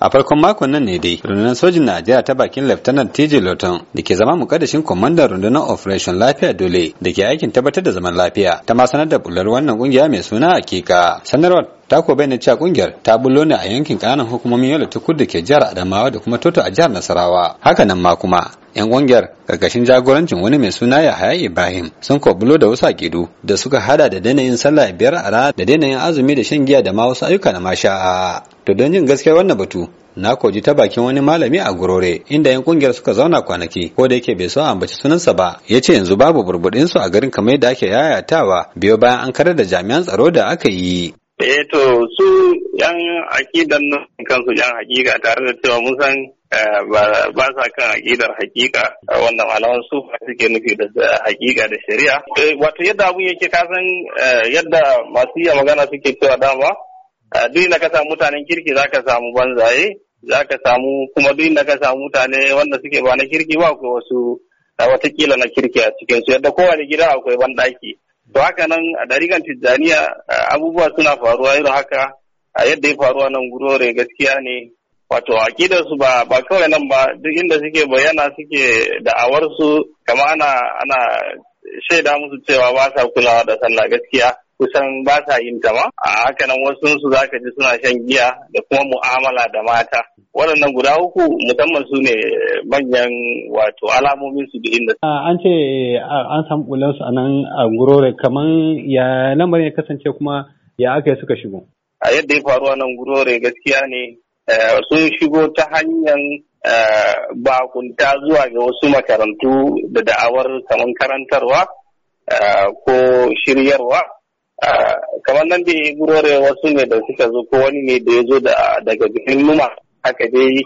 a farkon makon nan ne dai rundunar sojin najeriya ta bakin lieutenant tj lawton da ke zama mukaddashin kwamandan rundunar operation lafiya dole da ke aikin tabbatar da zaman lafiya ta ma sanar da bular wannan kungiya mai suna hakika sanarwar ta ko bayyana cewa kungiyar ta bullo ne a yankin kananan hukumomin yau ta tukur da ke jihar adamawa da kuma toto a jihar nasarawa nan ma kuma 'yan ƙungiyar ƙarƙashin jagorancin wani mai suna Yahaya Ibrahim sun kwabulo da wasu akidu da suka hada da danayin sallah biyar a rana da danayin azumi da shan giya da ma wasu ayyuka na masha to don jin gaskiya wannan batu na koji ta bakin wani malami a gurore inda yan kungiyar suka zauna kwanaki ko da yake bai so a ambaci sunansa ba ya ce yanzu babu burbudin su a garin kamar yadda ake yayatawa biyo bayan an karar da jami'an tsaro da aka yi eh to su yan akidan nan kansu yan hakika tare da cewa mun san Eh, ba sa kan aƙidar hakika eh, wanda malaman su suke nufi da hakika da shari'a eh, wato yadda abun yake kasan yadda masu iya magana suke cewa dama duk da ka samu mutanen kirki za ka samu banzaye za ka samu kuma duk da ka samu mutane wanda suke ba na kirki ba akwai wasu watakila na kirki a cikin su yadda kowane gida akwai banɗaki to haka nan a darigan tijjaniya abubuwa suna faruwa irin haka a yadda ya faruwa nan gurore gaskiya ne wato a su ba ba kawai nan ba duk inda suke bayyana suke da'awar su kama ana ana shaida musu cewa ba sa kulawa da sallah gaskiya kusan ba sa yin ta ma a haka nan wasu su zaka ji suna shan giya da kuma mu'amala da mata waɗannan guda uku musamman su ne manyan wato alamomin su da inda ah, an ce an samu bulan su a nan a gurore kaman ya lamarin ya kasance kuma ya aka suka shigo a yadda ya faru a nan gurore gaskiya ne Eh, sun shigo ta hanyar eh, bakunta zuwa ga wasu makarantu da da'awar kamar karantarwa eh, ko shiryarwa kamar nan da ya gurore wasu ne da suka zo ko wani ne da ya zo daga birnin numa haka dai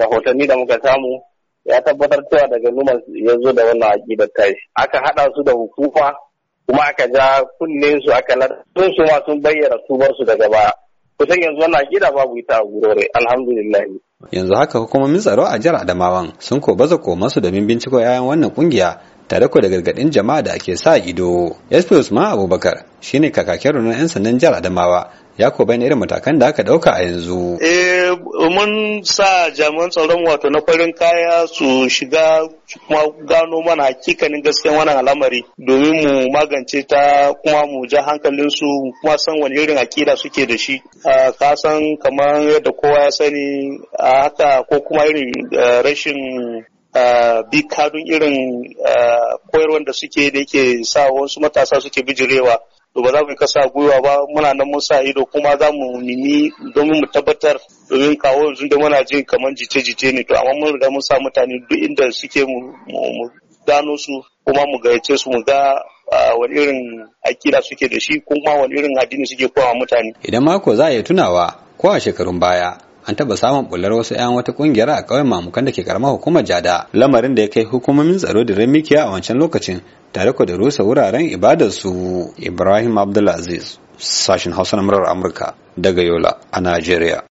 rahotanni da muka samu ya tabbatar cewa daga numa ya zo da wannan aƙidar tashi aka haɗa su da hukuma kuma aka ja kunne su aka ladar su ma sun bayyana tubar su daga baya kusan yanzu wannan gida babu ita a gurore alhamdulillah yanzu haka hukumomin tsaro a jihar adamawan sun ko baza komansu domin binciko yayan wannan kungiya tare ko da gargadin jama'a da ake sa ido sp usman abubakar shine kakakin rundunar 'yan sandan jihar adamawa ya ko bayan irin matakan da aka dauka a yanzu. Eh mun sa jami'an tsaron wato na farin kaya su shiga kuma gano mana hakikanin gaskiyar wannan al'amari domin mu magance ta kuma mu ja hankalin su kuma san wani irin akida suke da shi. Ka san kamar yadda kowa ya sani haka ko kuma irin rashin bi kadun irin koyarwar da suke da yake sa wasu matasa suke bijirewa to ba za mu kasa gwiwa ba muna nan mun sa ido kuma za mu nimi domin mu tabbatar domin kawo yanzu da muna jin kamar jice-jice ne to amma mun riga mun sa mutane duk inda suke mu gano su kuma mu gayyace su mu ga wani irin akida suke da shi kuma wani irin addini suke kowa mutane idan mako za a iya tunawa ko a shekarun baya an taɓa samun bular wasu 'yan wata ƙungiyar a ƙauyen mamukan da ke karamar hukumar jada lamarin da ya kai hukumomin tsaro da mikiya a wancan lokacin tare ku da rusa wuraren ibadarsu ibrahim abdulaziz sashen hausa na murar amurka daga yola a najeriya